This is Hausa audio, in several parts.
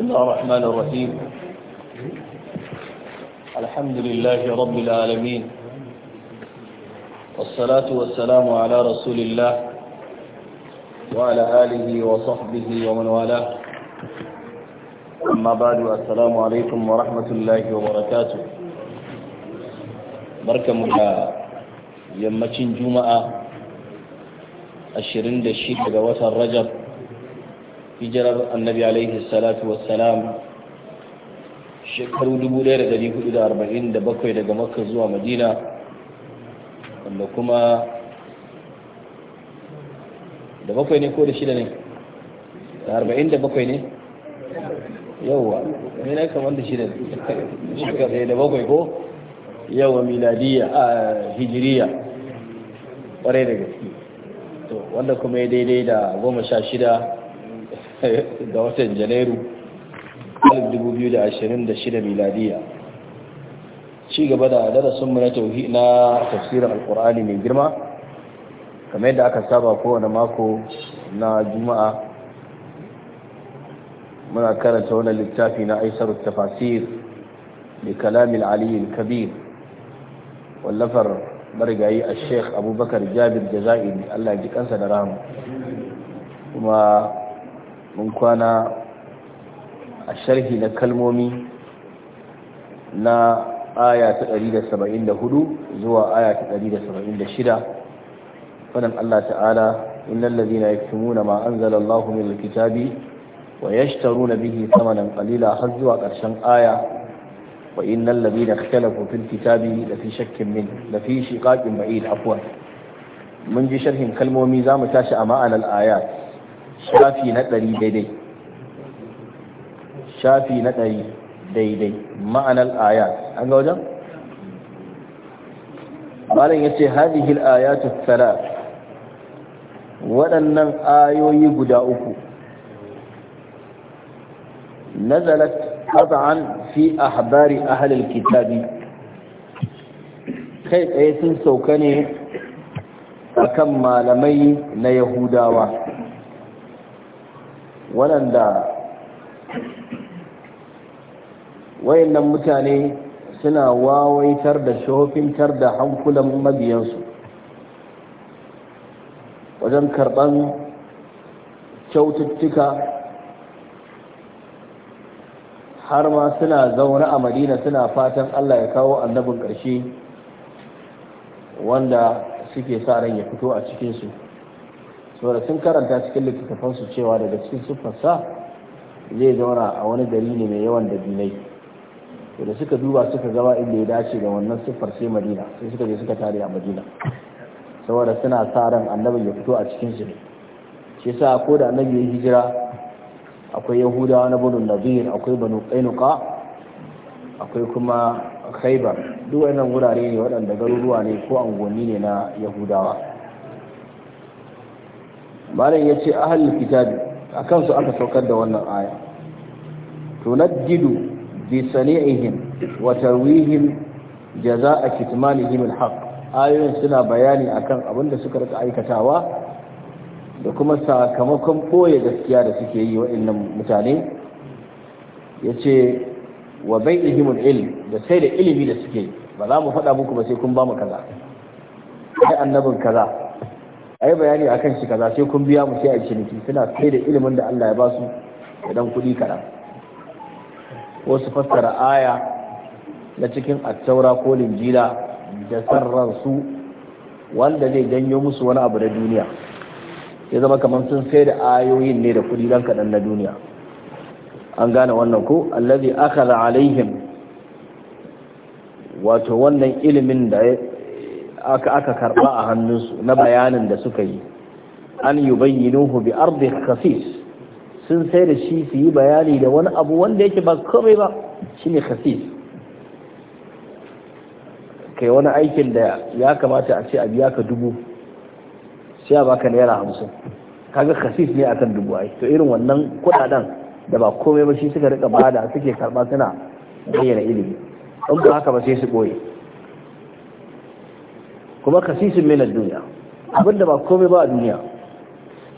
بسم الله الرحمن الرحيم الحمد لله رب العالمين والصلاة والسلام على رسول الله وعلى آله وصحبه ومن والاه أما بعد السلام عليكم ورحمة الله وبركاته بركة مجا يمتين جمعة الشرين دشيك وثر رجب hijirar annabi alaihi salatu wassalam shekaru 1447 daga makka zuwa madina wanda kuma da bakwai ne ko da shida ne da arba'in da bakwai ne yauwa ne na kamar da shida shekaru da bakwai ko yawa miladiyya a hijiriya kwarai da gaske wanda kuma ya daidai da goma sha shida ga watan janairu 2026 miladiya ci gaba da darasinmu na tauhi na tafsirin alkur'ani mai girma kamar yadda aka saba kowane mako na juma'a muna karanta wani littafi na aisar tafasir da kalamin aliyu kabir wallafar marigayi a sheikh abubakar jabir jaza'iri allah ji kansa da ramu kuma mun kwana a sharhi na kalmomi na aya ta 174 zuwa aya ta 176 fadan Allah ta'ala innal ladhina yaktumuna ma anzala Allah min alkitabi wa yashtaruna bihi thamanan qalila har zuwa karshen aya wa innal ladhina ikhtalafu fil kitabi la fi shakkin min la fi shiqaqin ba'id afwan mun ji sharhin kalmomi zamu tashi a ma'anar ayat shafi na ɗari daidai shafi na ɗari daidai ma'anar ayat an ga wajen? malam ya ce hadihil ayatu tsara waɗannan ayoyi guda uku nazalat qat'an fi a ahlil kitabi kai tsaye sun sauka ne akan malamai na yahudawa waɗanda wayannan mutane suna wawaitar da shofintar da hankulan mabiyansu wajen karɓan kyaututtuka har ma suna zaune a madina suna fatan allah ya kawo annabin ƙarshe wanda suke sa ran ya fito a cikinsu saboda sun karanta cikin littattafansu cewa daga cikin siffarsa zai zauna a wani gari ne mai yawan dabinai to da suka duba suka gaba inda ya dace da wannan siffar sai madina sai suka je suka tare a madina saboda suna sa ran annabi ya fito a cikin su ne shi yasa ko da annabi ya hijira akwai yahudawa na banu nazir akwai banu qainuqa akwai kuma khaibar duk wannan wurare ne waɗanda garuruwa ne ko angoni ne na yahudawa malam ya ce ahalin kitabi a kansu aka saukar da wannan aya tunaddidu bi sani'ihim wa tarwihim jaza'a kitmanihim alhaq ayoyin suna bayani akan abin da suka rika aikatawa da kuma sakamakon boye gaskiya da suke yi wa'annan mutane ya ce wa bai'ihim ilm da sai da ilimi da suke ba za mu faɗa muku ba sai kun ba mu kaza sai annabin kaza ai bayani akan shi kaza sai kun biya mu sai a ciniki suna sai da ilimin da Allah ya ba su da dan kuɗi kaɗan ko su fassara aya na cikin attaura ko linjila da sarran su wanda zai janyo musu wani abu na duniya ya zama kamar sun sai da ayoyin ne da kuɗi dan kaɗan na duniya an gane wannan ko allazi akhadha alaihim wato wannan ilimin da aka aka karba a hannunsu na bayanin da suka yi an yi nuhu bi ardi khafif sun sai da shi su yi bayani da wani abu wanda yake ba komai ba shi ne khafif kai wani aikin da ya kamata a ce a biya ka dubu sai a baka naira hamsin kaga khafif ne akan dubu ai to irin wannan kudaden da ba komai ba shi suka rika bada suke karba suna bayyana ilimi in ba haka ba sai su boye kuma kasisin min duniya. dunya abinda ba komai ba a duniya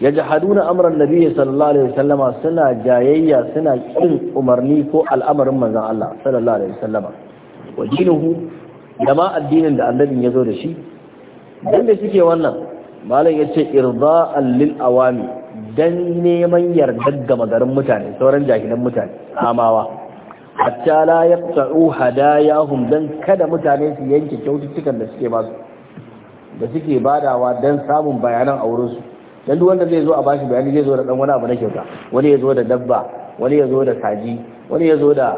Haduna amran nabiyyi sallallahu alaihi wasallama suna jayayya suna kin umarni ko al'amarin manzan Allah sallallahu alaihi wasallama wa dinuhu da ma addinin da annabin ya zo da shi dan da suke wannan malam yace irda'an lil awami dan neman yardar ga magarin mutane sauran jahilan mutane amawa hatta la yaqta'u hadayahum dan kada mutane su yanke kyaututtukan da suke ba su da suke badawa don samun bayanan a wurinsu don duk wanda zai zo a bashi bayani zai zo da dan wani abu na kyauta wani ya zo da dabba wani ya zo da kaji wani ya zo da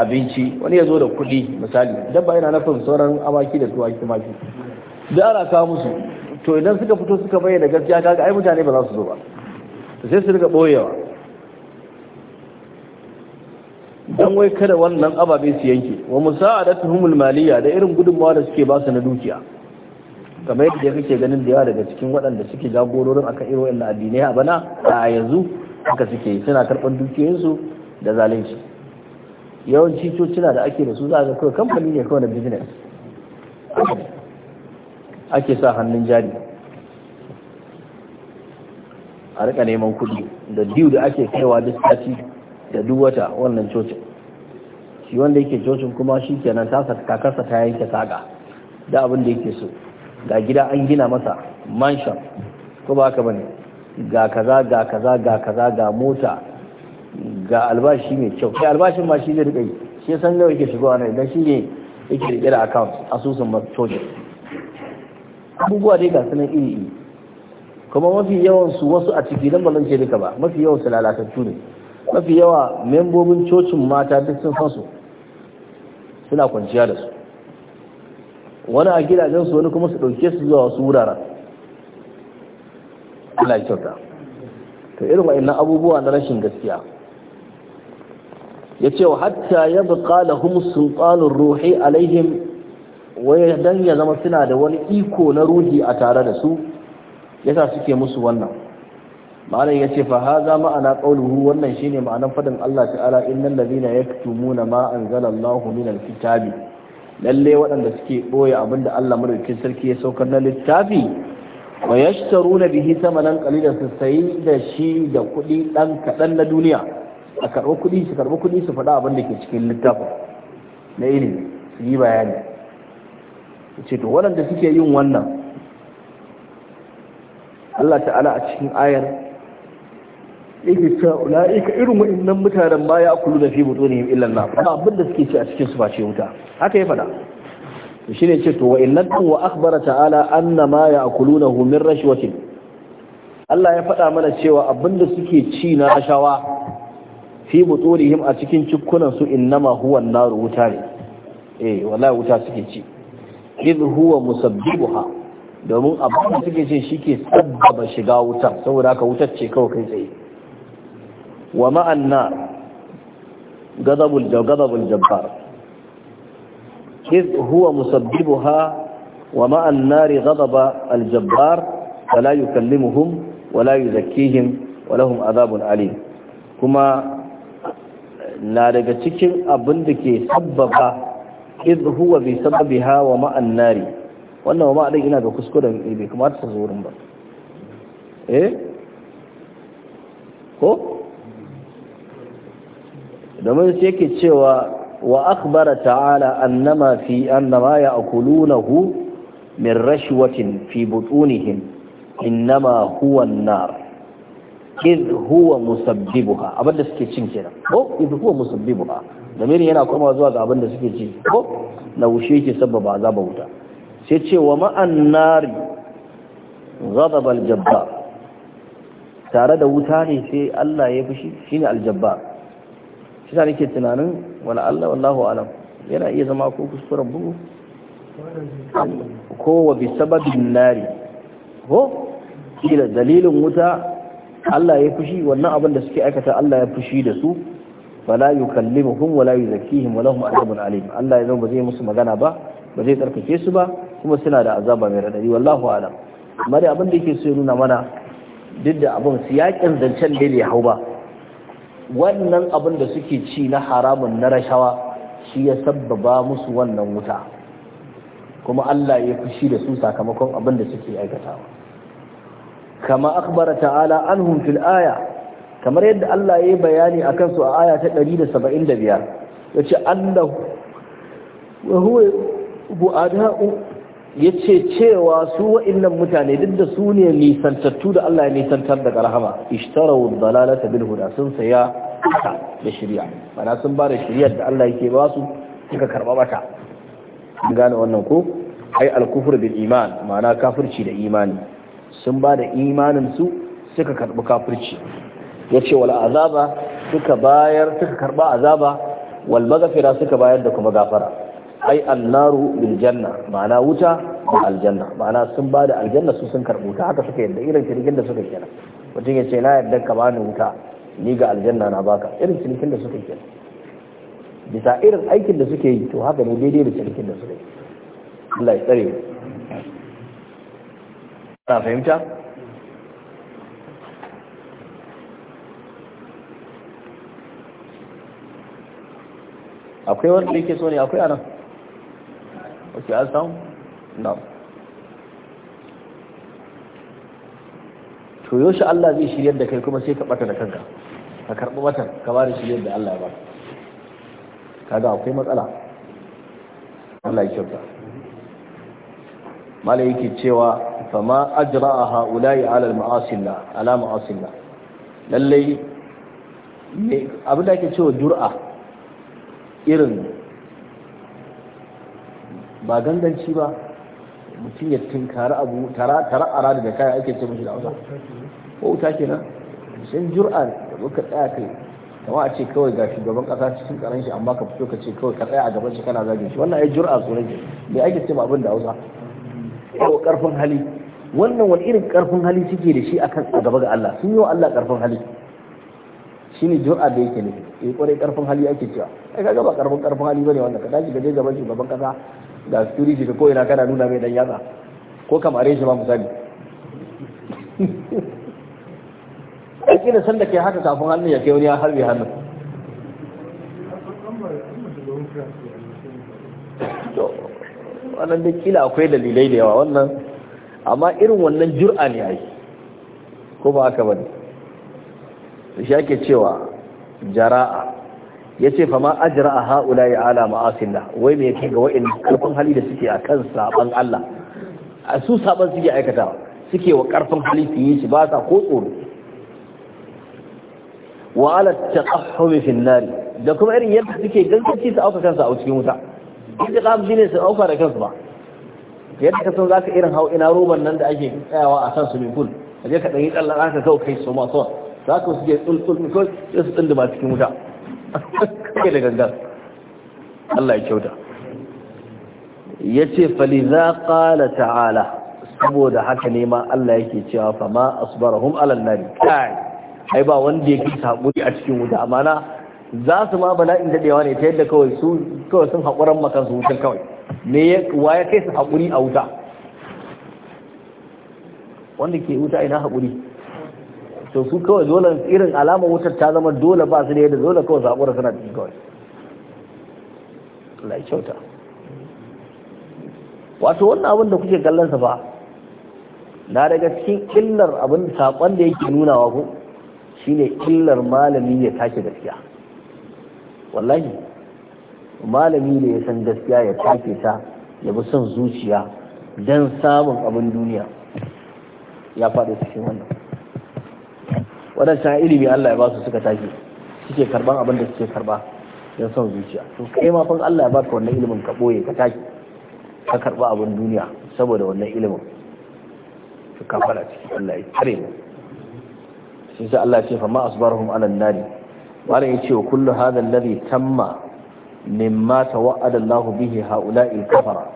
abinci wani ya zo da kuɗi misali dabba yana nufin sauran amaki da tuwaki tumaki da ana kawo musu to idan suka fito suka bayyana gaskiya kaga ai mutane ba za su zo ba sai su riga boyewa dan wai kada wannan ababe su yanke wa musa'adatuhumul maliya da irin gudunmawa da suke ba su na dukiya kamar yadda kake ganin da yawa daga cikin waɗanda suke jagororin akan irin wannan addinai a bana a yanzu haka suke suna karɓar dukiyoyinsu da zalunci yawanci cocina da ake da su za a ga kawai kamfani ne kawai na business ake sa hannun jari a rika neman kuɗi da diyu da ake kaiwa duk sati da duk wata wannan cocin shi wanda yake cocin kuma shi kenan ta kakarsa ta yanke saƙa da abin da yake so ga gida an gina masa mansion ko ba haka bane ga kaza ga kaza ga kaza ga mota ga albashi mai kyau Sai albashin ma shi zai rike shi san nawa yake shigowa ne idan shi ne yake rike da account asusun macoci abubuwa dai ga sanan iri iri kuma mafi yawan su wasu a ciki dan bazan ce duka ba mafi yawan su lalatattu ne mafi yawa membobin cocin mata duk sun san suna kwanciya da su wani a gidajensu wani kuma su ɗauke su zuwa wasu wuraren Allah kyauta to irin wa'annan abubuwa na rashin gaskiya ya ce wa hatta ya buƙa da sultanun ruhi alaihim waya dan ya zama suna da wani iko na ruhi a tare da su sa suke musu wannan malam ya ce fa haza ma'ana qauluhu wannan shine ma'anar fadin Allah ta'ala innal ladina yaktumuna ma anzalallahu minal kitabi lalle waɗanda suke ɓoye abinda Allah madaukakin sarki ya saukar na littafi wa na bihi samanan qalilan su sayi da shi da kuɗi ɗan kaɗan na duniya a karɓi kuɗi su karɓi kuɗi su faɗa abin ke cikin littafin na ilimi su yi bayani Su ce to waɗanda suke yin wannan Allah ta'ala a cikin ayar yake cewa ula'ika irin wa'annan mutanen ma ya kullu da fi butunihim illa nar ba abin da suke ci a cikin su face wuta haka ya fada shi ne ce to wa'annan din wa akhbara ta'ala anna ma ya'kulunahu min rashwatin Allah ya fada mana cewa abin da suke ci na rashawa fi butunihim a cikin cikkunan su innama huwa an-nar wuta ne eh wallahi wuta suke ci idh huwa musabbibuha domin abin da suke ce shi ke sabbaba shiga wutar saboda haka wutar ce kawai kai tsaye wa ma'an nar gazabul jabbar iz huwa musabbibuha wa ma'an nari aljabbar wala yukallimuhum wala yuzakkihim wa azabun Ali, kuma na daga cikin abin da ke sabbaba iz huwa bi sababiha wa ma'an nari wannan wa ma'adin ina da kuskuren eh, bai kamata ta zo ba eh ko domin sai ke cewa wa akhbara ta'ala annama fi annama ya'kulunahu min rashwatin fi butunihim innama huwa an-nar iz huwa musabbibuha da suke cin kenan ko iz huwa musabbibuha damirin yana kuma zuwa ga abin da suke ci ko na wushe yake sababa azaba wuta sai ce wa ma'an nari ghadab al-jabbar tare da wuta ne sai Allah ya fushi shine al-jabbar shi sa nake tunanin wala Allah wallahu alam yana iya zama ko kuskuren bugu ko wa bi sababin nari ko kila dalilin wuta Allah ya fushi wannan abin da suke aikata Allah ya fushi da su wala yukallimuhum wala yuzakkihim wala hum azabun alim Allah ya zama ba zai musu magana ba ba zai tsarkake su ba kuma suna da azaba mai radadi wallahu alam amma dai abin da yake so ya nuna mana duk da abin siyakin zancen dai bai hau ba wannan abin da suke ci na haramun na rashawa shi ya sabbaba musu wannan wuta kuma Allah ya fushi da su sakamakon abin da suke aikatawa kama akbara ta'ala anhum fil aya kamar yadda Allah ya yi bayani a kansu a aya ta 175 ce annahu wa huwa bu'ada'u ya ce cewa su wa'innan mutane duk da su ne nisantattu da Allah ya nisantar daga rahama ishtarau dalalata bil huda sun saya da shari'a Bana sun ba da shari'ar da Allah yake ba su suka karba mata an gane wannan ko ai al-kufr bil iman mana kafirci da imani sun ba da imanin su suka karbi kafirci yace wal azaba suka bayar suka karba azaba wal maghfira suka bayar da kuma gafara ai annaru bil janna ma'ana wuta da aljanna ma'ana sun ba da aljanna su sun karɓo ta haka suka yadda irin cinikin da suka kenan mutum ya ce na yadda ka bani wuta ni ga aljanna na baka irin cinikin da suka kenan bisa irin aikin da suke yi to haka ne daidai da cinikin da suka yi Allah ya tsare ta fahimta akwai wanda yake so ne akwai anan ok an samu na to yaushe Allah zai shiryar da kai kuma sai ka bata da kanka ka karɓi watan ka ba da shiryar da Allah ya ba kaga akwai matsala Allah ya kyauta malai yake cewa fama ajra'a ha'ula'i ala ma'asilla ala ma'asilla lallai abin da ake cewa jur'a irin ba ganganci ba mutum ya tinkari abu tara a rada da kaya ake ce mashi da hausa ko wuta nan sun jur'a da muka tsaya kai kama a ce kawai ga shugaban kasa cikin karan shi amma ka fito ka ce kawai ka tsaya a gaban shi kana zagin shi wannan ya jur'a tsoron ke me ake ce abin da hausa ko karfin hali wannan wani irin karfin hali suke da shi akan a gaba ga Allah sun yi wa Allah karfin hali shine jur'a da yake ne eh, ya kwarai karfin hali ake cewa ai kaga ba karfin karfin hali bane wannan ka tashi ka gaban shugaban kasa ga security ka ko'ina kana nuna mai dan yatsa ko kamar shi ma misali ake da sanda kai haka kafin hannun ya kai wani ya harbe hannun wannan da kila akwai dalilai da yawa wannan amma irin wannan jur'a ne ai ko ba haka bane shi ake cewa jara'a ya ce fama ajira a ha'ula ya ala ma'asin wai mai kai ga wa'in karfin hali da suke a kan saban Allah a su saban suke aikata suke wa karfin hali su yi shi ba sa ko tsoro wa ala taqahhum fi an da kuma irin yadda suke gangaci su auka kansu a cikin wuta inda kam shine su auka da kansu ba yadda ka san zaka irin hau ina roban nan da ake tsayawa a san su mai kul kaje ka dan yi tsallan ka kawo kai su ma za ka su je tsultsul ko su tsinduma cikin wuta kai da gangan Allah ya kyauta yace faliza qala ta'ala saboda haka ne ma Allah yake cewa fa ma asbarahum ala nari kai ai ba wanda yake saburi a cikin wuta amana za su ma bala'in dadewa ne ta yadda kawai su kawai sun hakuran maka su wutar kawai me ya kai su hakuri a wuta wanda ke wuta ina hakuri to su kawai dole irin alamar wutar ta zama dole ba su da yadda dole kawai zaɓura suna cikin kawai lai kyauta wato wannan abin da kuke kallon sa ba na daga cikin illar abin saƙon da yake nunawa ko shine illar malami ya take gaskiya wallahi malami ne ya san gaskiya ya take ta ya bi son zuciya don samun abin duniya ya faɗi cikin wannan waɗancan ilimi Allah ya ba su suka tashi suke karban abin da suke karba don son zuciya to kai ma fa Allah ya baka wannan ilimin ka boye ka tashi ka karba abin duniya saboda wannan ilimin to ka fara ciki Allah ya kare mu shi sai Allah ya ce fa ma asbarhum ala nari malam ce wa kullu hadha alladhi tamma mimma tawa'ada Allah bihi haula'i kafara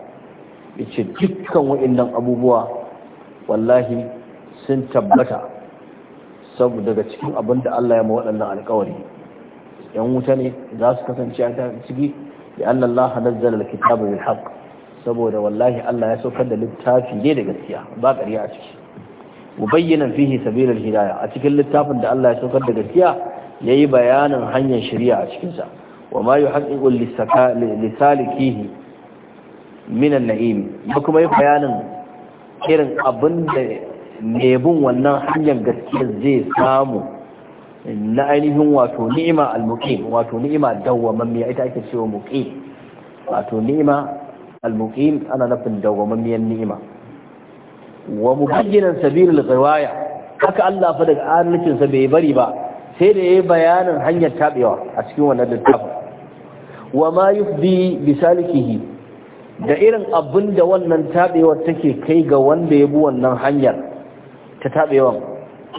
yace dukkan wa'annan abubuwa wallahi sun tabbata saboda daga cikin abin da Allah ya ma waɗannan alƙawari yan wuta ne za su kasance a ciki da anna Allah nazzala alkitaba bil haqq saboda wallahi Allah ya saukar da littafi ne da gaskiya ba ƙarya a ciki bayyana fihi sabilul hidayah a cikin littafin da Allah ya saukar da gaskiya yayi bayanin hanyar shari'a a cikin sa wa ma yuhaqqiqu lisalikihi min an-na'im kuma yi bayanin irin abin da bin wannan hanyar gaskiya zai samu na ainihin wato ni'ima al-muqim wato ni'ima dawwamammiya ita ake cewa muqim wato ni'ima al-muqim ana nufin dawwamammiyar ni'ima wa mubajjinan sabilul riwaya haka Allah fa daga adalcin sa bai bari ba sai da yayi bayanin hanyar tabewa a cikin wannan littafin wa ma yufdi bi salikihi da irin abinda wannan tabewar take kai ga wanda ya bi wannan hanyar ta tabewan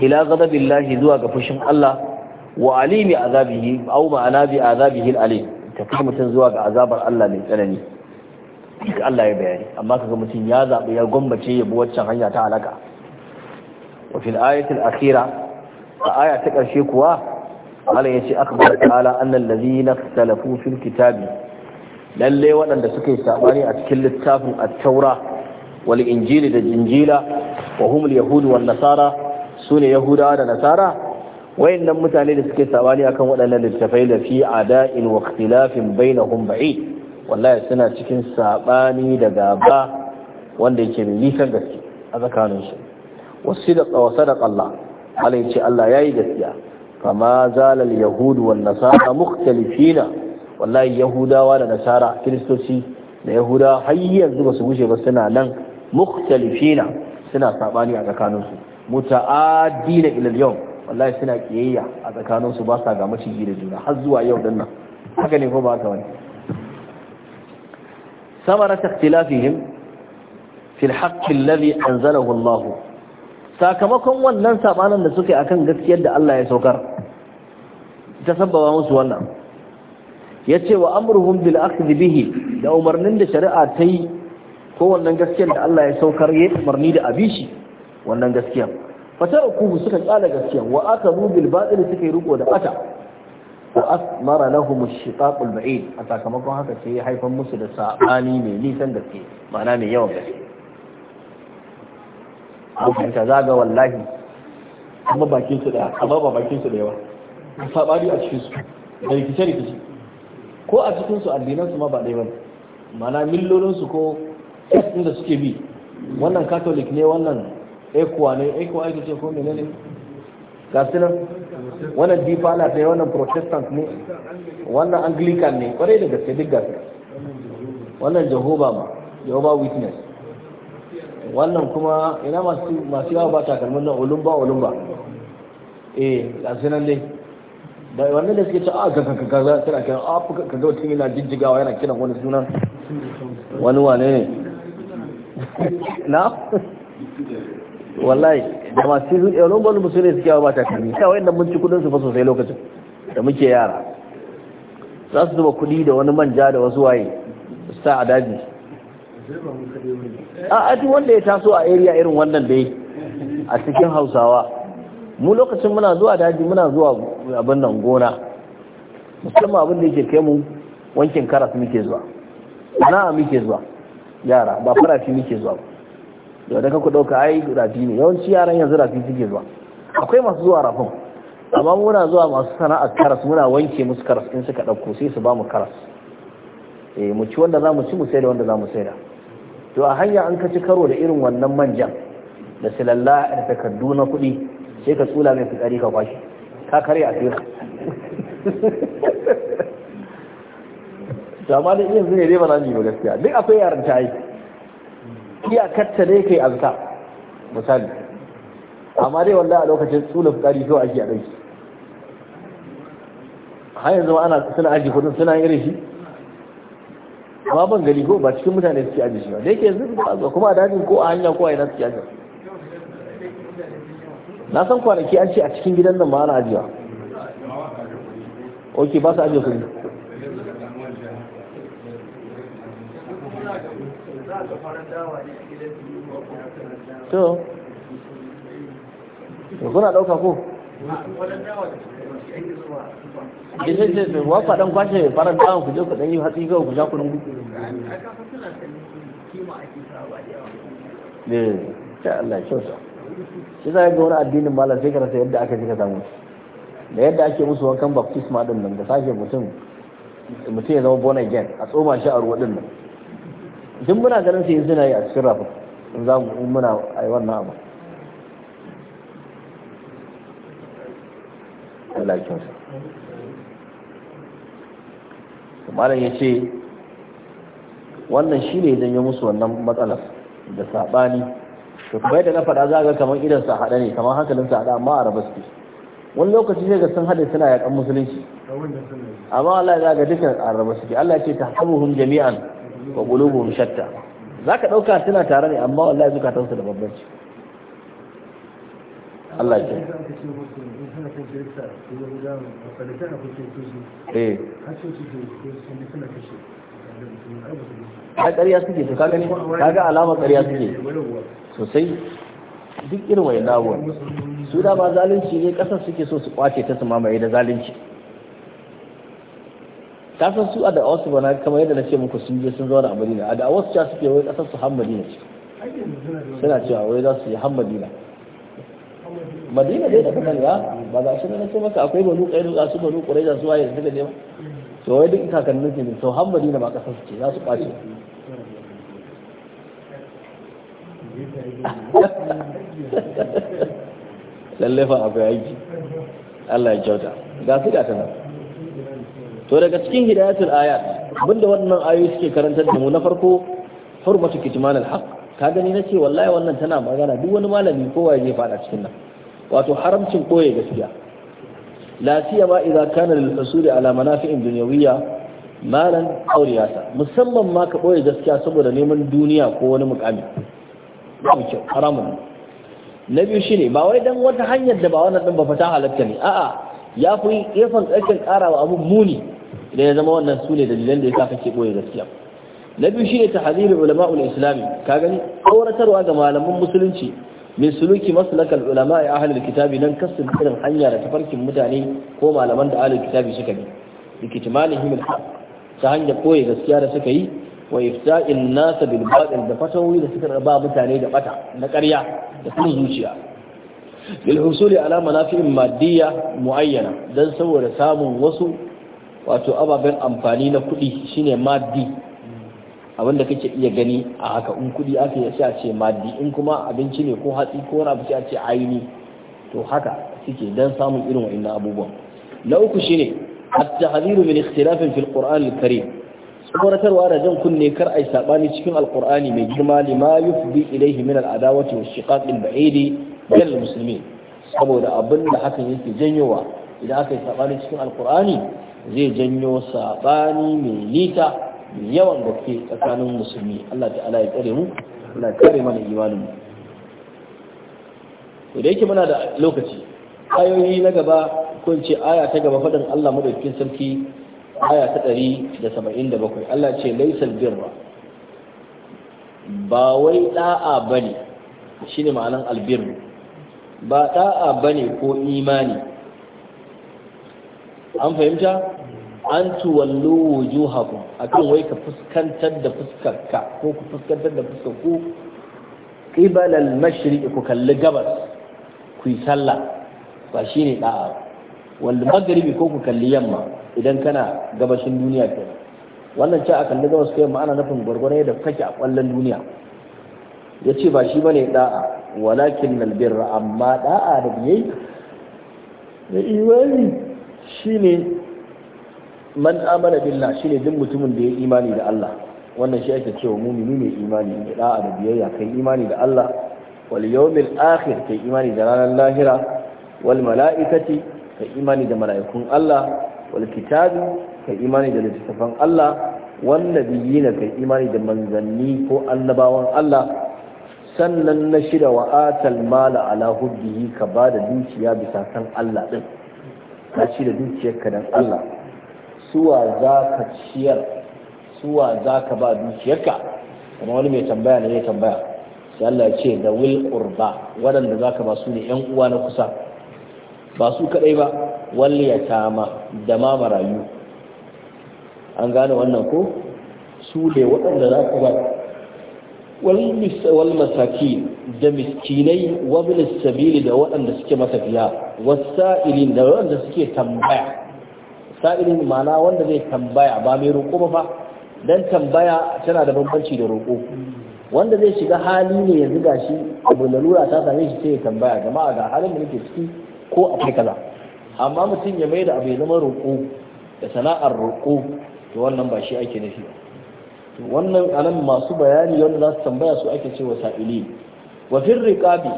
ila ghadabillahi zuwa ga fushin Allah wa alimi azabihi aw ma'ana bi azabihi alim ta kai mutun zuwa ga azabar Allah mai tsanani duk Allah ya bayani amma kaga mutun ya zabi ya gombace ya bi waccan hanya ta halaka wa fil ayati al-akhira a aya ta karshe kuwa Allah ya ce akbar ta'ala annal ladhina ikhtalafu fil kitabi lalle waɗanda suka saɓani sabani a cikin littafin at-taura walinjili injili da jinjila wa humul yahudu wan nasara sune yahudawa da nasara wayannan mutane da suke sabani akan waɗannan littafai da fi ada'in wa ikhtilafin bainahum ba'id wallahi suna cikin sabani da gaba wanda yake mai nisan gaske a tsakanin su wasidqa wa sadaqa Allah alai ce Allah yayi gaskiya kama zalal yahudu wan nasara mukhtalifina wallahi yahudawa da nasara kiristoci da yahudawa har yanzu ba su gushe ba suna nan mukhtalifina suna sabani a tsakaninsu muta'addina ila al-yawm wallahi suna kiyayya a tsakaninsu ba sa ga maciji da juna har zuwa yau dinnan haka ne ko ba ka wani ثمرة اختلافهم في الحق الذي أنزله الله sakamakon wannan sabanin da suke akan gaskiyar da Allah ya saukar ta sabbaba musu wannan yace wa amruhum bil akhdh bihi da umarnin da shari'a ta yi ko wannan gaskiyar da Allah ya saukar ya umarni da abishi wannan gaskiyar fata uku suka tsala gaskiya wa aka bil batil suka yi riko da ata wa asmara lahum ash-shiqaq al-ba'id a sakamakon haka sai ya haifar musu da sabani mai nisan gaske ma'ana mai yawan gaske abokan ta zaga wallahi amma bakin su da amma ba bakin su da yawa sabani a cikin su da rikice rikice ko a cikin su addinan su ma ba dai ba. ma'ana millolin su ko ɗin da suke bi wannan catholic ne wannan ekuwa ne ekuwa ita ce ko menene ne su nan wannan dipala ne wannan protestant ne wannan anglican ne kwarai da gaske duk gaske wannan jehova ma jehova witness wannan kuma ina masu masu yawa ba takalmin nan olumba olumba eh ga nan da wannan da suke ta a ga ga ga tana kiran a ga mutum yana jijjigawa yana kiran wani sunan wani wane ne na wallahi da masu yaron gwamnati musu ne suke ba takalmi ta wayan da mun ci kudin su fa sosai lokacin da muke yara za su zuba kudi da wani manja da wasu waye sa a daji a aji wanda ya taso a area irin wannan dai a cikin hausawa mu lokacin muna zuwa daji muna zuwa abin nan gona musamman abin da yake kai mu wankin karas muke zuwa na muke zuwa yara ba farafi muke zuwa ba yau da ka ku ɗauka ai rafi ne yawanci yaran yanzu rafi suke zuwa akwai masu zuwa rafin amma muna zuwa masu sana'ar karas muna wanke musu karas in suka dauko sai su ba mu karas eh mu ci wanda za ci mu sai da wanda za sai da to a hanya an kaci karo da irin wannan manjan da silalla da takardu na kuɗi sai ka tsula mai fitsari ka kwashi ka karya a tsira to amma dai yanzu ne dai ba za mu yi ba gaskiya duk akwai yaran ta yi iyakar ta dai kai azka misali amma dai wallahi a lokacin tsula fukari kawai ake a ɗauki har yanzu ana suna aji kudin suna irin shi amma ban gani ko ba cikin mutane suke aji shi ba da yake yanzu ba kuma a dajin ko a hanya ko a yana suke aji na san kwanaki an ce a cikin gidan nan ma ana ajiya ok ba su ajiye kudi to kuna ɗauka ko Gece ce ce wa faɗan kwashe farar dawon ku je ku ɗanyi hatsi ga ku sha kunin gudu. Ne, eh, ta Allah kyauta. Shi za ga wani addinin malam sai karasa yadda aka ji samu. Da yadda ake musu wankan baptisma ɗin nan da sake mutum mutum ya zama born again a tsoma shi a ruwa ɗin nan. duk muna ganin sai yanzu na yi a cikin rafin in za mu muna a yi wannan abu Allah ya kinsa malam ya ce wannan shi ne janyo musu wannan matsalar da saɓani to bai da na faɗa za ga kamar idan sa haɗa ne kamar hankalin sa haɗa amma a raba suke wani lokaci zai ga sun haɗe suna yaƙan musulunci amma Allah ya zaga dukkan a raba suke Allah ya ce ta hamuhum jami'an wa gulubu shatta zaka dauka suna tare ne amma wallahi zukatan su da bambanci Allah ya eh a ƙarya suke to ka gani ka ga alamar ƙarya suke sosai duk irin wayan abubuwan su da ma zalunci ne ƙasar suke so su kwace ta su mamaye da zalunci ka san su a da'awarsu ba na kamar yadda na ce muku sun je sun zauna a madina a da'awarsu cewa suke wai kasar su har madina ce suna cewa wai za su yi hamma madina madina dai da kuma ya ba za shi na ce maka akwai banu kairu ga su banu kuraiza su waye suka je ba to wai duk kakannin su ne to har madina ba kasar su ce za su kwace lallai fa akwai aiki Allah ya kyauta ga su da ta nan to daga cikin hidayatul ayat abinda wannan ayoyi suke karantar da mu na farko hurmatu kitman al ka gani nace wallahi wannan tana magana duk wani malami ko kowa ya fada cikin nan wato haramcin koye gaskiya la siyama idza kana lil husuli ala manafi'in dunyawiyya malan aw riyasa musamman ma ka koye gaskiya saboda neman duniya ko wani mukami babu haramun na biyu shine ba wai dan wata hanyar da ba wannan din ba fata halatta ne a'a ya fi yafan tsakin karawa abun muni idan ya zama wannan su ne dalilan da ya sa kake boye gaskiya na biyu shi ne ta tahzirul ulama ul islami ka gani Kauratarwa ga malaman musulunci min suluki maslakal ulama ya ahli kitabi nan kasu irin hanya da tafarkin mutane ko malaman da ahlul kitabi suka bi likitimani ta hanyar koyi gaskiya da suka yi wa ifta'in nasa bil batil da fatawi da suka raba mutane da bata na ƙarya da kuma zuciya lil husuli ala manafi'in maddiya muayyana dan saboda samun wasu wato ababen amfani na kuɗi shine maddi abinda kake iya gani a haka in kuɗi aka yi sai a ce maddi in kuma abinci ne ko hatsi ko wani abu sai a ce aini to haka suke dan samun irin wa'annan abubuwan na uku shine at-tahziru min ikhtilafin fil qur'an al-karim tsoratarwa da jan kunne kar ai sabani cikin alqur'ani mai girma lima yufdi ilayhi min al-adawati wash-shiqaq al-ba'idi bainal muslimin saboda abinda hakan yake janyowa idan aka yi sabani cikin alqur'ani zai janyo saɓani mai lita mai yawan gaske tsakanin musulmi Allah ta'ala ya tsare mu Allah tsare mana imanin mu to da yake muna da lokaci ayoyi na gaba ko ce aya ta gaba faɗin Allah mu madaukakin sarki aya ta ɗari Allah ce laisal birra ba wai ɗa'a bane shine ma'anan albirru ba ɗa'a bane ko imani an fahimta an tuwallo a kan wai ka fuskantar da fuskarka ko ku fuskantar da fuskar ku ƙibalar mashiri ku kalli gabas ku yi sallah ba shi ne da'a wanda magaribi ko ku kalli yamma idan kana gabashin duniya ke wannan ce a kalli gabas ko yamma ana nufin gwargwaro da kake a kwallon duniya yace ba shi ne da'a walakin al amma da'a da biyayya da imani shine man amana billah shine duk mutumin da ya imani da Allah wannan shi ake cewa mumini mai imani mai da da biyayya kai imani da Allah wal yawmil akhir kai imani da ranar lahira wal mala'ikati kai imani da mala'ikun Allah wal kitabi kai imani da littattafan Allah wan nabiyina kai imani da manzanni ko annabawan Allah sannan na shida wa atal mala ala hubbihi ka bada dukiya bisa kan Allah din ka ci da dukiyarka dan Allah suwa za ka ciyar suwa za ka ba dukiyarka kuma wani mai tambaya ne ya tambaya sai Allah ya ce da wil qurba waɗanda za ka ba su ne yan uwa na kusa ba su kaɗai ba ya tama da ma marayu an gane wannan ko su ne waɗanda za ka ba walmasaki masaki da miskinai wa sabili da waɗanda suke matafiya wasa'ilin da waɗanda suke tambaya sa'ilin ma'ana wanda zai tambaya ba mai roƙo ba fa dan tambaya tana da bambanci da roƙo wanda zai shiga hali ne ya ziga shi abu lura ta same shi sai ya tambaya jama'a ga halin da nake ciki ko a kai kaza amma mutum ya mai da abu ya zama roƙo da sana'ar roƙo to wannan ba shi ake nufi ba wannan anan masu bayani wanda za su tambaya su ake cewa sa'ili wa fil riqabi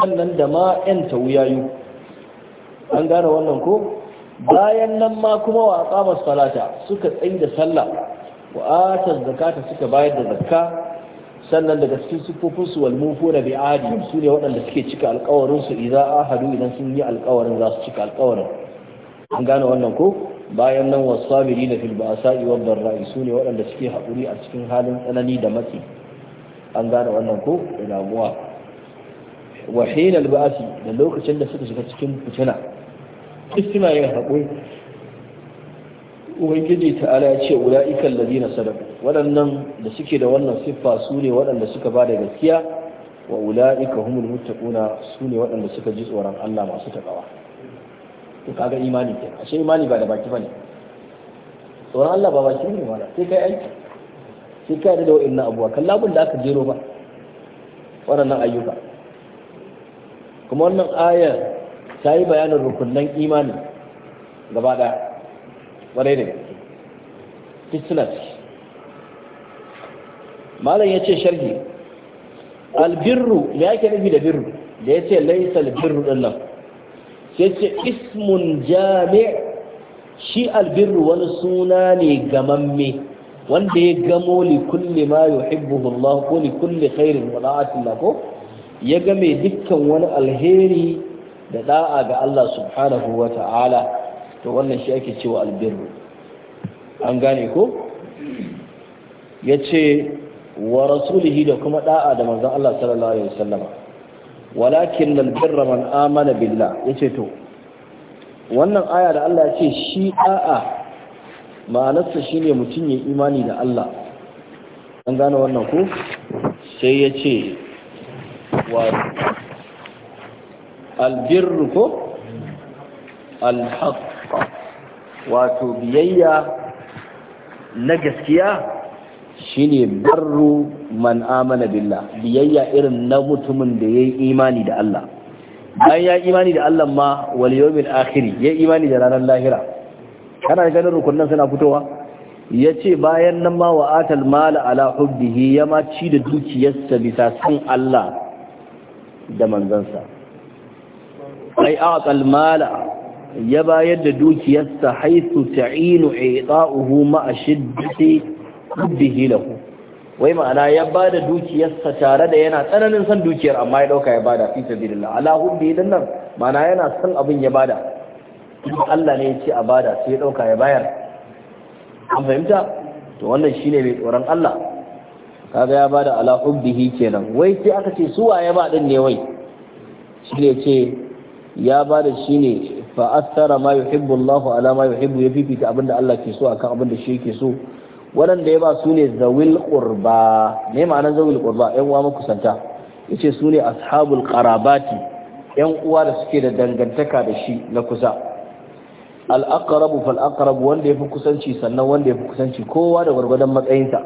sannan da ma yan tawuyayu an gane wannan ko bayan nan ma kuma wa aqama salata suka tsayi da sallah wa ata zakata suka bayar da zakka sannan daga cikin sifofin su wal mufuna bi adi su ne waɗanda suke cika alƙawarin su idan ahadu idan sun yi alƙawarin za su cika alƙawarin an gane wannan ko bayan nan wasabiri da fil ba'sa'i wad darra'i sune waɗanda suke haƙuri a cikin halin tsanani da matsi an gane wannan ko da damuwa wa hina al ba'si da lokacin da suka shiga cikin fitina istina yin haƙuri ubangiji ta'ala ya ce ula'ikal ladina sadaqu waɗannan da suke da wannan siffa sune waɗanda suka bada gaskiya wa ula'ika humul muttaquna sune waɗanda suka ji tsoron Allah masu takawa to kaga imani ke ashe imani ba da baki bane tsoron Allah ba baki ne wala sai kai aiki sai kai da wa'annan abuwa kalla bun da aka jero ba waɗannan ayyuka kuma wannan ayar ta yi bayanin rukunnan imani gaba ɗaya da gaske fitness malam ya ce sharhi albirru me ake nufi da birru da ya ce laisa albirru ɗin nan yace ismun jami' shi albirru wani suna ne gamamme wanda ya gamo li kulli ma yuhibbuhu Allah ko li kulli khairin wa da'atin ko ya game dukkan wani alheri da da'a ga Allah subhanahu wa ta'ala to wannan shi ake cewa albirru an gane ko yace wa rasulihi da kuma da'a da manzon Allah sallallahu alaihi wasallama walakin lal man amana billah yace to wannan aya da Allah ya ce shi a'a ma'anarsa shine mutum ya imani da Allah an gane wannan ku? sai ya ce wa albirru wato biyayya na gaskiya shine barru man amana billah biyayya irin na mutumin da yayi imani da Allah bayan ya imani da Allah ma wal yawmil akhir ya imani da ranar lahira kana ganin rukunan suna fitowa yace bayan nan ma wa atal mala ala hubbihi ya ci da dukiyarsa bisa san Allah da manzansa ai atal mala ya bayar da dukiyarsa haisu ta'inu i'ta'uhu ma ashiddati hubbihi lahu wai ma'ana ya ba da dukiyarsa tare da yana tsananin son dukiyar amma ya ɗauka ya ba da fi ala hubbi nan ma'ana yana son abin ya bada Allah ne ya ce a bada sai ya ɗauka ya bayar an fahimta to wannan shine mai tsoron Allah kaga ya bada ala kenan wai sai aka ce su waye ba din ne wai shine ce ya bada shine fa asara ma yuhibbu allahu ala ma yuhibbu ya fifita abinda Allah ke so akan abinda shi yake so waɗanda ya ba su ne zawil ƙurba me ma'anar zawil ƙurba yan uwa makusanta yace su ne ashabul qarabati yan uwa da suke da dangantaka da shi na kusa al aqrabu fal aqrab wanda yafi kusanci sannan wanda yafi kusanci kowa da gwargwadon matsayinsa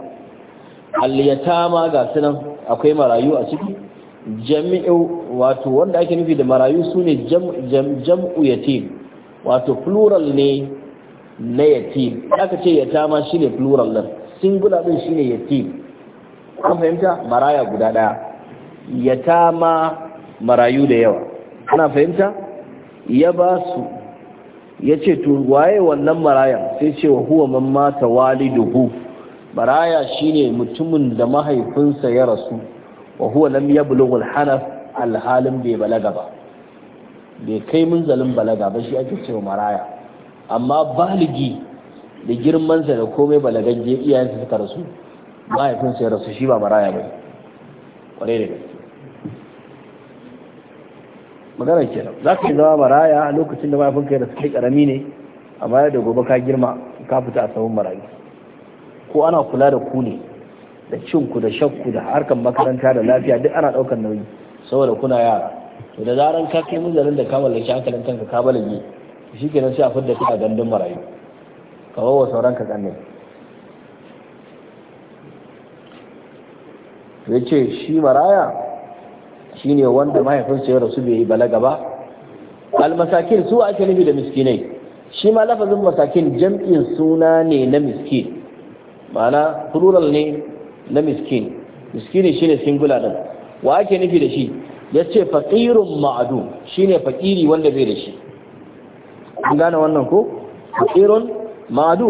al yatama ga sunan akwai marayu a ciki jami'u wato wanda ake nufi da marayu sune jam'u yatim wato plural ne na yatim aka ce yatama shine plural din singular din shine yatim kun fahimta maraya guda daya yatama marayu da yawa ana fahimta ya ba su ya ce to waye wannan marayan sai ce wa huwa man mata waliduhu maraya shine mutumin da mahaifinsa ya rasu wa huwa lam yablugh al-hanaf alhalin bai balaga ba bai kai mun munzalin balaga ba shi ake cewa maraya amma baligi da girmansa da komai iyayen iyayensa suka rasu mahaifinsa ya rasu shi ba maraya ba kwarai da gaske magana kenan za ka yi zama maraya a lokacin da mahaifinka ya da kai karami ne a baya da gobe ka girma ka fita a saman marayu ko ana kula da ku ne da cinku da shakku da harkar makaranta da lafiya duk ana ɗaukar nauyi saboda kuna yara to da zaran ka kai munzalin da ka mallaki hankalin kanka ka balage shi kenan sai a fidda a gandun marayu kawai wa sauran ka kanne ya ce shi maraya shi ne wanda mahaifinsa ya rasu bai yi balaga ba almasakin su ake nufi da miskinai shi ma lafazin masakin jam'in suna ne na miskin ma'ana plural ne na miskin miskini shine singular din wa ake nufi da shi ya ce faƙirun ma'adu shine faƙiri wanda bai da shi an gane wannan ko fakirun ma'adu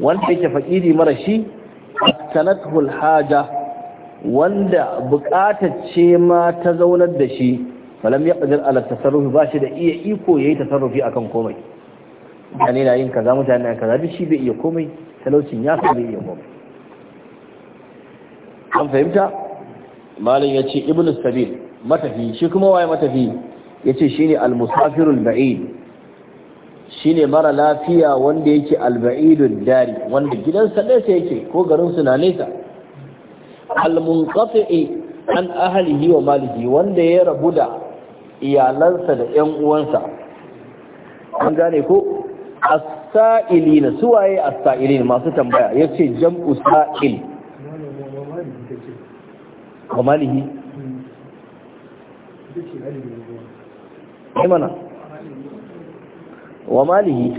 wanda yake fakiri mara shi tanatul haja wanda bukatar ce ma ta zaunar da shi falam yaqdir ala tasarrufi ba shi da iya iko ya yi tasarrufi akan komai mutane na yin kaza mutane na kaza duk shi bai iya komai talaucin ya bai iya komai an fahimta malin ya ce ibn sabil matafi shi kuma waye matafi ya ce shi ne almusafirul ba'id Shi ne mara lafiya wanda yake alba'idun dari wanda gidansa nesa yake ko garinsu na nesa almunqati an ahlihi wa malihi wanda ya rabu da iyalansa da 'yan uwansa an gane ko as-sa'ilina suwaye as-sa'ilin masu tambaya yace jam'u sa'il wa malihi hmm. wa malihi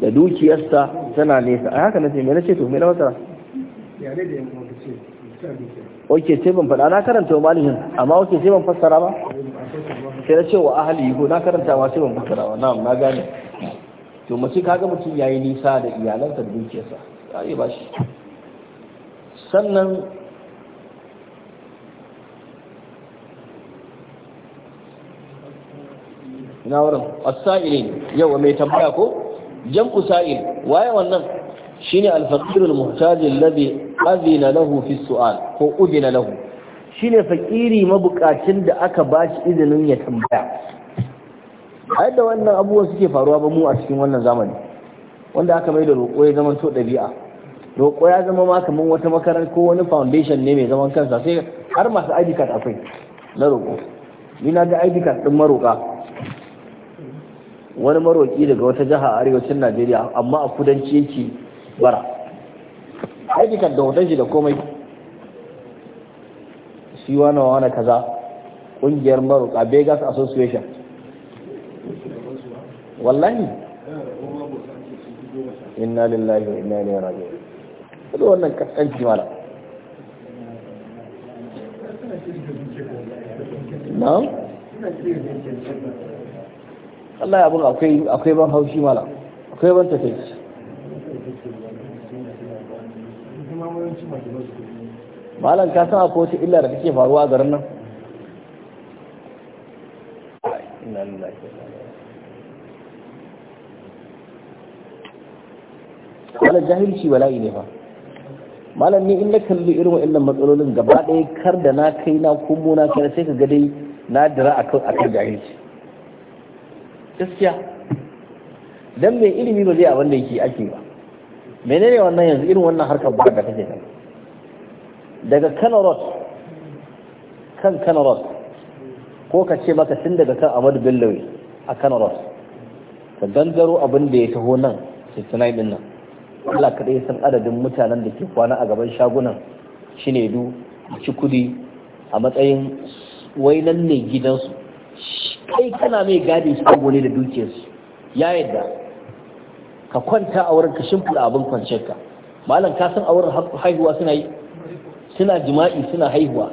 da dukiyarsa tana nesa a haka na ce na ce to me na masara ok sai ban faɗa na karanta wa malihin amma ok sai ban fassara ba sai na ce wa ahali ko na karanta ma sai ban fassara ba na'am na gane to mace kaga mutum yayi nisa da iyalansa da dukiyarsa ai ba shi sannan Na wurin as yau mai tambaya ko jam'u sa'il waye wannan shine al-faqir al-muhtaj alladhi azina lahu fi su'al ko udina lahu shine fakiri mabukacin da aka bashi izinin ya tambaya ai da wannan abubuwa suke faruwa ba mu a cikin wannan zamani wanda aka mai da roƙo ya zama to ɗabi'a roƙo ya zama ma kamar wata makarar ko wani foundation ne mai zaman kansa sai har masu ID akwai na roƙo ni na ga ID card din maroƙa wani maroki daga wata jiha a arewacin najeriya amma a kudanci yake bara aiki kan da hoton shi da komai shi wani wani kaza kungiyar maroka vegas association wallahi inna lillahi wa inna ilaihi raji'un kada wannan kaskanci mara na'am Allah ya akwai akwai ban haushi mala akwai ban ta kai malam ka san akwai wata illa da take faruwa a garin nan wala jahilci bala'i ne fa malam ni in na kalli irin wa'annan matsalolin gaba ɗaya kar da na kai na kuma na kai sai ka gadai na dira a kan jahilci gaskiya dan mai ilimi ba zai abin da yake ake ba menene wannan yanzu irin wannan harkar ba da kake kai daga kanarot kan kanarot ko ka ce maka tun daga kan amadu billawi a kanarot ka gangaro abin da ya taho nan 69 din nan Allah kaɗai sun san adadin mutanen da ke kwana a gaban shagunan shinedu ci kudi a matsayin wainan ne gidansu kai kana mai gadi su kan ne da dukiyarsu ya yadda ka kwanta a wurin ka shimfiɗa abin kwanciyar ka malam ka san a wurin haihuwa suna yi suna jima'i suna haihuwa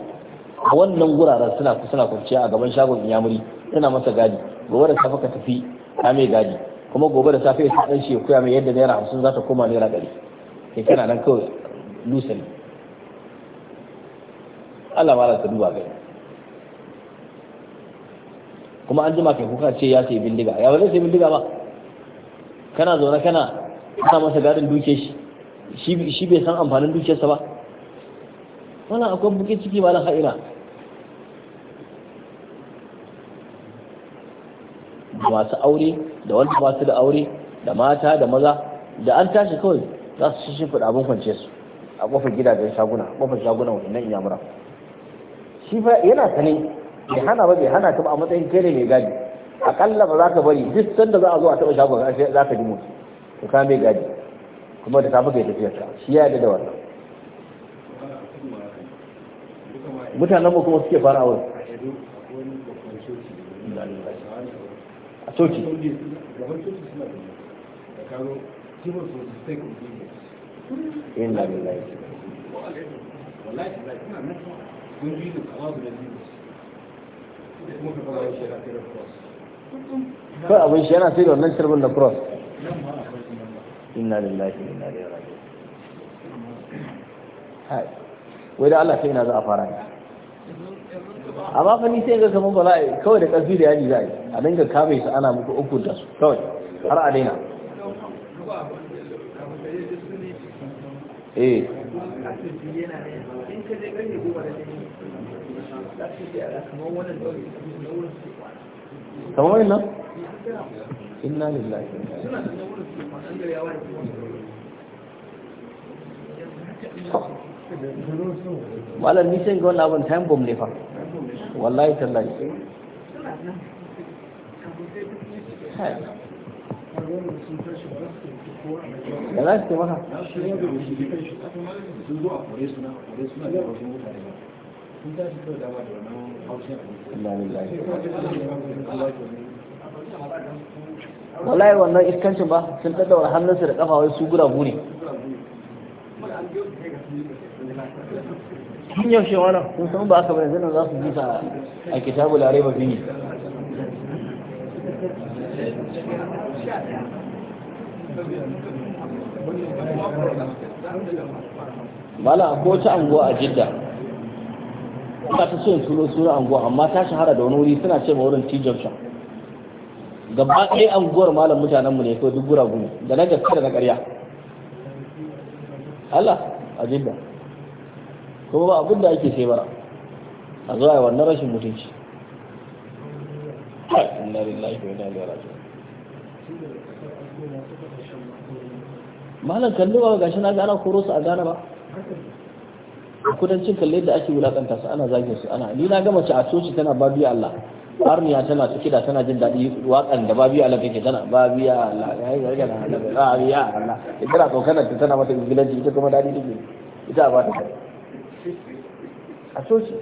a wannan wuraren suna suna kwanciya a gaban shagon inyamuri yana masa gadi gobe da safe ka tafi ka mai gadi kuma gobe da safe ya dan shi ya koya mai yadda naira hamsin za ta koma naira ɗari sai kana nan kawai lusani Allah ma ta duba gani kuma an jima kai kuka ce ya sai bindiga ya wani sai bindiga ba kana zaune kana kana masa gadin duke shi shi bai san amfanin dukiyarsa ba wannan akwai buke ciki ba nan ha'ina masu aure da wanda ba su da aure da mata da maza da an tashi kawai za su shi abin kwance su a kofar gidajen shaguna kofar shaguna wannan iyamura shi fa yana sanin bai hana ba bai hana ta ba a matsayin kere mai gadi akalla ba za ka bari duk sanda za a zo a taɓa shagon a za ka ji mutu to ka mai gadi kuma da samu kai tafiyar ka shi ya yi da wannan mutanen mu kuma suke fara wani a coci inna laifin Kawai abin shi yana sai da wannan shirbin da cross inna lillahi inna ilaihi raji'un wai da Allah sai ina za a fara ne amma fa ni sai ga kaman ba kawai da ƙarfi da yaji za a yi a dinga kame su ana muku uku da su kawai har a daina eh kamar wani nan? inna lillahi malar nishin ga wani abin ne fa wallahi tallahi da za su maka wallahi wannan iskancin ba sun daddaura hannunsa da kafa su guda ne sun yaushe wannan sun san ba aka bane zina za su jisa a kitabu Lare ba fiye mala ko ta anguwa a jidda ba ta son turo suna anguwa amma ta shahara da wani wuri suna ce ma wurin T-junction gaba ɗaya anguwar malam mutanenmu ne ko duk gura ne da na gaske da na ƙarya Allah a jidda kuma ba abin da ake sai bara a zuwa wannan rashin mutunci inna lillahi wa inna ilaihi raji'un malam kallo ba gashi na gana koro su a gana ba kudancin kalle da ake wulakanta su ana zagin su ana ni na ga mace a coci tana babiya Allah arniya tana ciki da tana jin daɗi waƙan da babiya Allah take tana babiya Allah ya yi gargana Allah babiya Allah idan kana ta tana mata ingilanci ita kuma daɗi take ita ba ta a coci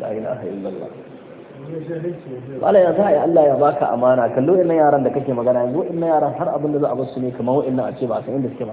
la ilaha illallah wala ya za a Allah ya baka amana kallo inna yaran da kake magana yanzu inna yaran har abin da za a su ne kamar wa'annan a ce ba san inda suke ba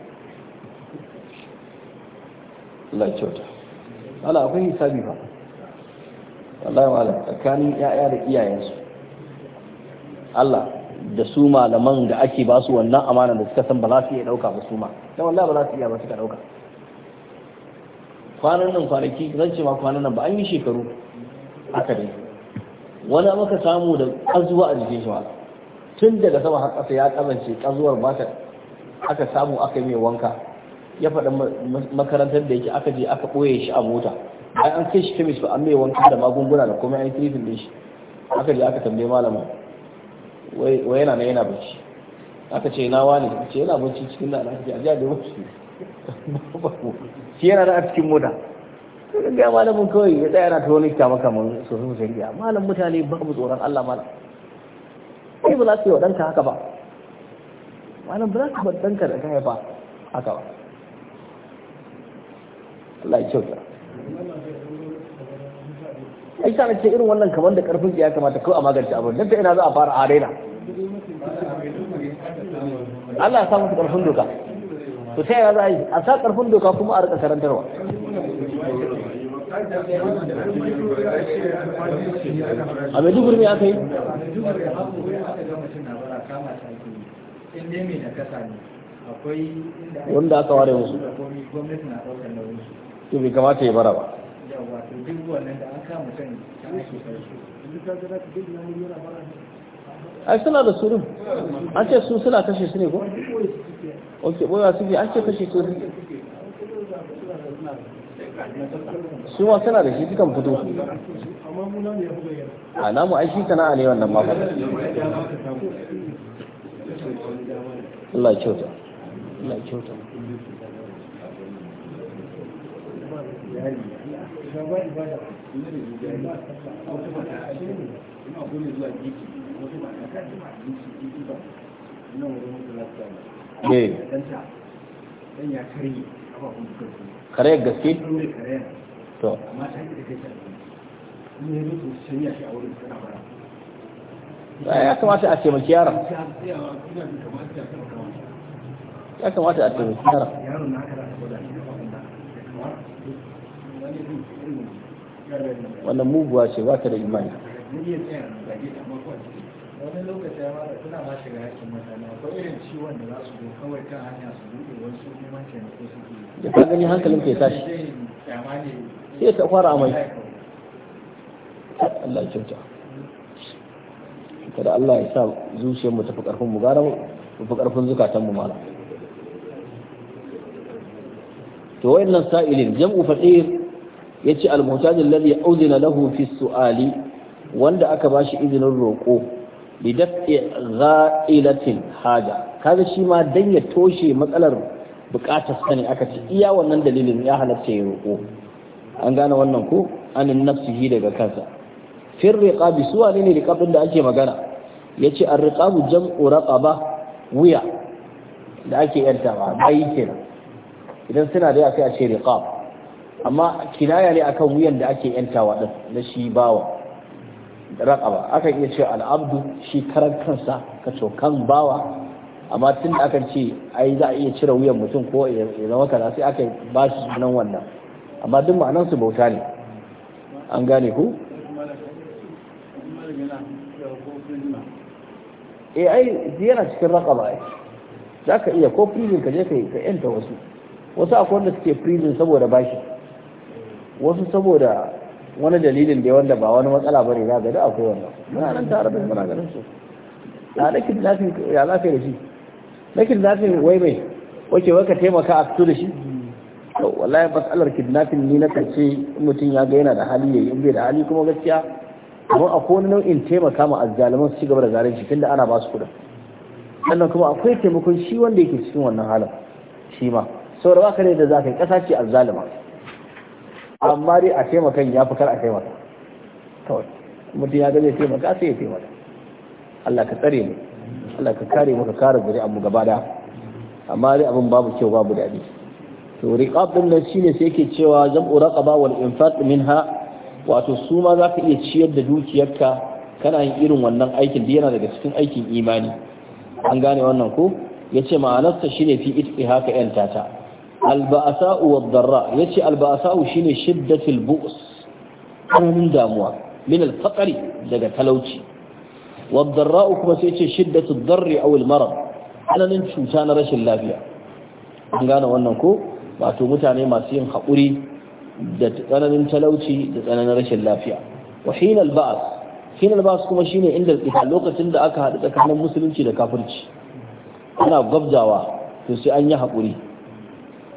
Allah ya akwai hisabi ba wallahi malam tsakanin yaya da iyayensu Allah da su malaman da ake ba su wannan amana da suka san ba za su iya dauka ba su ma dan wallahi ba za su iya ba suka dauka kwanan nan kwanaki zan ce ma kwanan nan ba an yi shekaru haka dai wani maka samu da kazuwa a jikin shi tun daga sama har ƙasa ya kazance kazuwar ba ta aka samu aka yi mai wanka ya faɗa makarantar da yake aka je aka ɓoye shi a mota Ai an kai shi kemis ba an mai wanka da magunguna da kuma an yi tirifin din shi aka je aka tambaye malama wai yana na yana bacci aka ce na wani ce yana bacci cikin da ana Ajiya ajiyar da wasu shi yana da a cikin mota sai ga malamin kawai ya tsaya na ta wani kama kamar su su shari'a malam mutane ba mu tsoron Allah malam kai ba za su yi wa ɗanka haka ba malam ba za su bar ɗanka da kai ba haka ba Allah ya kyauta ai sa ce irin wannan kamar da karfin ya kamata ko a magance abin dan ta ina za a fara a raina Allah ya sa musu karfin doka to sai ya za a yi a sa karfin doka kuma a rika karantarwa a maiduguri ne aka yi wanda aka ware musu to bai kamata ya bara ba ai suna da surin an ce su suna kashe su ne ko? ok boya su an ce kashe su su ma suna da shi dukan fito a namu aiki shi a ne wannan mafa Allah kyauta Allah kyauta kare gaske? to ya kamata a taimaki yaron ya kamata a taimaki yaron wannan muguwa ce ba ta da imani wani lokaci ya mara suna ma shiga yakin mutane akwai irin ciwon da za su zo kawai kan hanya su buɗe wasu neman taimako suke da ka gani hankalin ke tashi sai ta fara amai Allah ya kyauta kada Allah ya sa zuciyar mu tafi karfin mu gara mu fi karfin zukatan mu mala to wayannan sa'ilin jam'u fasir yace almutajin muhtaj alladhi udhina lahu fi su'ali wanda aka bashi izinin roƙo. bi daf'i gha'ilatin haja kaga shi ma dan ya toshe matsalar bukatar sani aka ce iya wannan dalilin ya halatta ya roƙo. an gane wannan ko anin yi daga kansa fir riqabi suwa ne ne riqabin da ake magana yace ar-riqabu jam'u raqaba wuya da ake yantawa bai kenan idan suna da sai a ce riqab amma kinaya ne akan wuyan da ake yantawa din na shi bawa raqaba Aka iya cewa al'abdu shi karar kansa ka kan bawa amma tun da aka ce ai za a iya cire wuyan mutum ko ya zama kaza sai aka ba shi sunan wannan amma duk ma'anar su bauta ne an gane ku eh ai yana cikin raqaba ai za ka iya ko prison ka je ka yanta wasu wasu akwai wanda suke prison saboda bashi wasu saboda wani dalilin da wanda ba wani matsala ba ne za ga da akwai wannan muna nan tare da muna ganin su ya lakin lafin ya lafi da shi lakin lafin wai mai wace waka taimaka a fito da shi to wallahi matsalar kidnapping ni na kace mutum ya ga yana da hali yayi in bai da hali kuma gaskiya amma akwai wani nau'in taimaka ma azzaliman su cigaba da zaren shi tunda ana ba su kuɗin sannan kuma akwai taimakon shi wanda yake cikin wannan halin shi ma saboda ba ka ne da za ka yi ƙasa ce azzalima amma dai a taimakan ya fi kar a taimaka kawai mutum ya gane taimaka sai ya taimaka Allah ka tsare mu Allah ka kare mu ka kare gari mu gaba da amma dai abin babu kyau babu daɗi to riqab din nan shine sai yake cewa jam'u raqaba wal infaq minha wato su ma za ka iya ciyar da dukiyarka kana yin irin wannan aikin da yana daga cikin aikin imani an gane wannan ko yace ma'anarsa shine fi ittihaka yan tata alba'asa'u wadda yace alba'asa'u shine shiddatul bu'us tsananin damuwa min alfaqari daga talauci wadda kuma sai yace shiddatul darri a almarad tsananin cuta na rashin lafiya an gane wannan ko wato mutane masu yin haƙuri da tsananin talauci da tsananin rashin lafiya wa hina alba'as hina alba'as kuma shine inda lokacin da aka haɗu tsakanin musulunci da kafirci ana gwabzawa to sai an yi haƙuri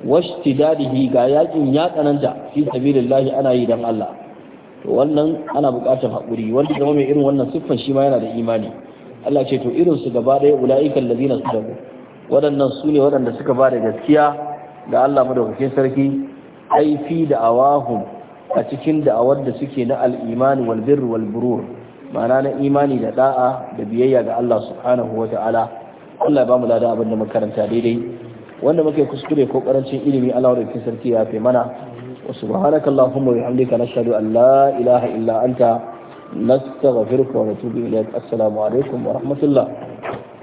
washtidadihi ga yakin ya tsananta fi sabilillahi ana yi dan Allah to wannan ana buƙatar hakuri wanda zama mai irin wannan siffan shi ma yana da imani Allah ce to irin su gaba ɗaya ulaika allazina sadaqu waɗannan su ne waɗanda suka ba da gaskiya da Allah madaukakin sarki ai fi da awahum a cikin da'awar da suke na al-iman wal birr wal burur ma'ana na imani da da'a da biyayya ga Allah subhanahu wata'ala Allah ya ba mu ladan abin da makaranta daidai wanda muke kuskure ko karancin ilimi Allah da sarki ya fi mana wa subhanaka allahumma wa bihamdika nashhadu an la ilaha illa anta nastaghfiruka wa natubu ilayk assalamu alaikum wa rahmatullah